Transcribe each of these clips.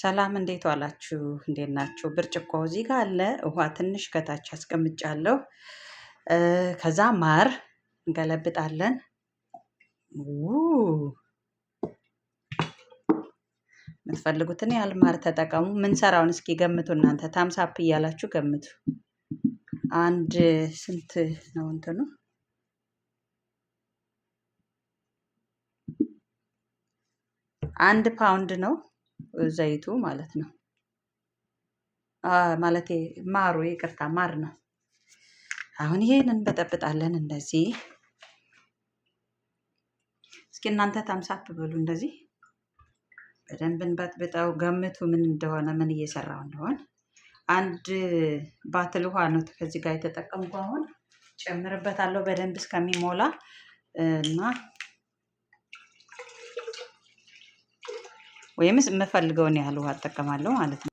ሰላም እንዴት ዋላችሁ? እንዴት ናችሁ? ብርጭቆ እዚህ ጋር አለ። ውሃ ትንሽ ከታች አስቀምጫለሁ። ከዛ ማር እንገለብጣለን። የምትፈልጉትን ያህል ማር ተጠቀሙ። ምንሰራውን እስኪ ገምቱ እናንተ ታምሳፕ እያላችሁ ገምቱ። አንድ ስንት ነው እንትኑ አንድ ፓውንድ ነው። ዘይቱ ማለት ነው። ማለቴ ማሩ፣ ይቅርታ ማር ነው። አሁን ይሄን እንበጠብጣለን እንደዚህ። እስኪ እናንተ ታምሳት ብሉ እንደዚህ በደንብ እንበጥብጠው። ገምቱ ምን እንደሆነ ምን እየሰራው እንደሆን። አንድ ባትል ውሃ ነው ከዚህ ጋር የተጠቀምኩ። አሁን ጨምርበታለሁ በደንብ እስከሚሞላ እና ወይምስ የምፈልገውን ያህል ውሃ እጠቀማለሁ ማለት ነው።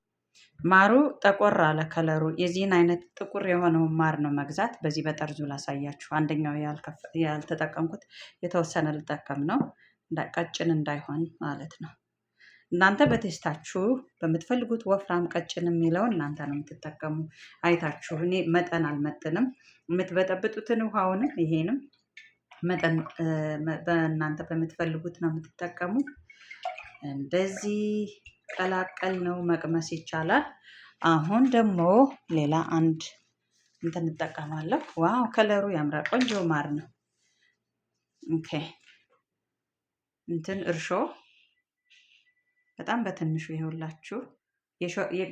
ማሩ ጠቆር አለ ከለሩ። የዚህን አይነት ጥቁር የሆነውን ማር ነው መግዛት። በዚህ በጠርዙ ላሳያችሁ። አንደኛው ያልተጠቀምኩት የተወሰነ ልጠቀም ነው፣ ቀጭን እንዳይሆን ማለት ነው። እናንተ በቴስታችሁ በምትፈልጉት ወፍራም ቀጭን የሚለውን እናንተ ነው የምትጠቀሙ። አይታችሁ እኔ መጠን አልመጥንም። የምትበጠብጡትን ውሃውንም ይሄንም መጠን በእናንተ በምትፈልጉት ነው የምትጠቀሙ። እንደዚህ ቀላቀል ነው መቅመስ ይቻላል። አሁን ደግሞ ሌላ አንድ እንትን እንጠቀማለሁ። ዋው ከለሩ ያምራል። ቆንጆ ማር ነው። ኦኬ እንትን እርሾ በጣም በትንሹ ይኸውላችሁ፣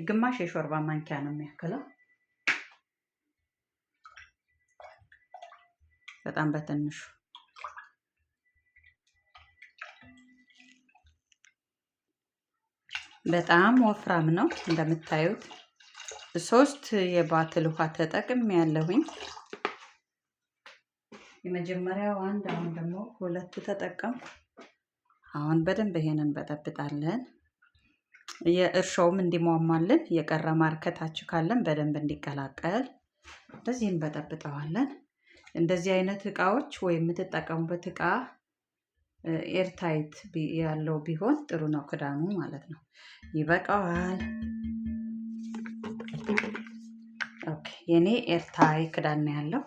ግማሽ የሾርባ ማንኪያ ነው የሚያክለው። በጣም በትንሹ በጣም ወፍራም ነው እንደምታዩት። ሶስት የባትል ውሃ ተጠቅም ያለሁኝ የመጀመሪያው አንድ፣ አሁን ደግሞ ሁለት ተጠቀም። አሁን በደንብ ይሄንን በጠብጣለን። የእርሾውም እንዲሟሟልን የቀረ ማርከታች ካለን በደንብ እንዲቀላቀል በዚህም በጠብጠዋለን። እንደዚህ አይነት እቃዎች ወይም የምትጠቀሙበት እቃ ኤርታይት ያለው ቢሆን ጥሩ ነው ክዳኑ ማለት ነው። ይበቃዋል። የኔ ኤርታይ ክዳን ያለው።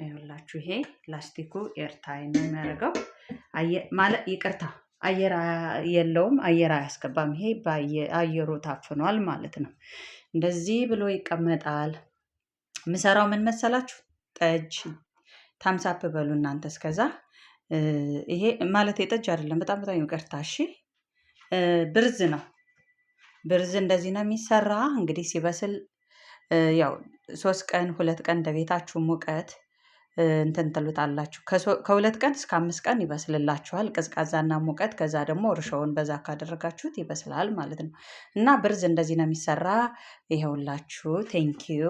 ይኸውላችሁ ይሄ ላስቲኩ ኤርታይ ነው የሚያደርገው። ማለት ይቅርታ አየር የለውም፣ አየር አያስገባም። ይሄ አየሩ ታፍኗል ማለት ነው። እንደዚህ ብሎ ይቀመጣል። ምሰራው ምን መሰላችሁ? ጠጅ ታምሳፕ በሉ እናንተ እስከዛ ይሄ ማለት የጠጅ አይደለም። በጣም በጣም ይቅርታ። እሺ ብርዝ ነው። ብርዝ እንደዚህ ነው የሚሰራ። እንግዲህ ሲበስል ያው ሶስት ቀን ሁለት ቀን እንደቤታችሁ ሙቀት እንትን ትሉታላችሁ። ከሁለት ቀን እስከ አምስት ቀን ይበስልላችኋል። ቅዝቃዛና ሙቀት። ከዛ ደግሞ እርሾውን በዛ ካደረጋችሁት ይበስላል ማለት ነው። እና ብርዝ እንደዚህ ነው የሚሰራ። ይኸውላችሁ ቴንኪዩ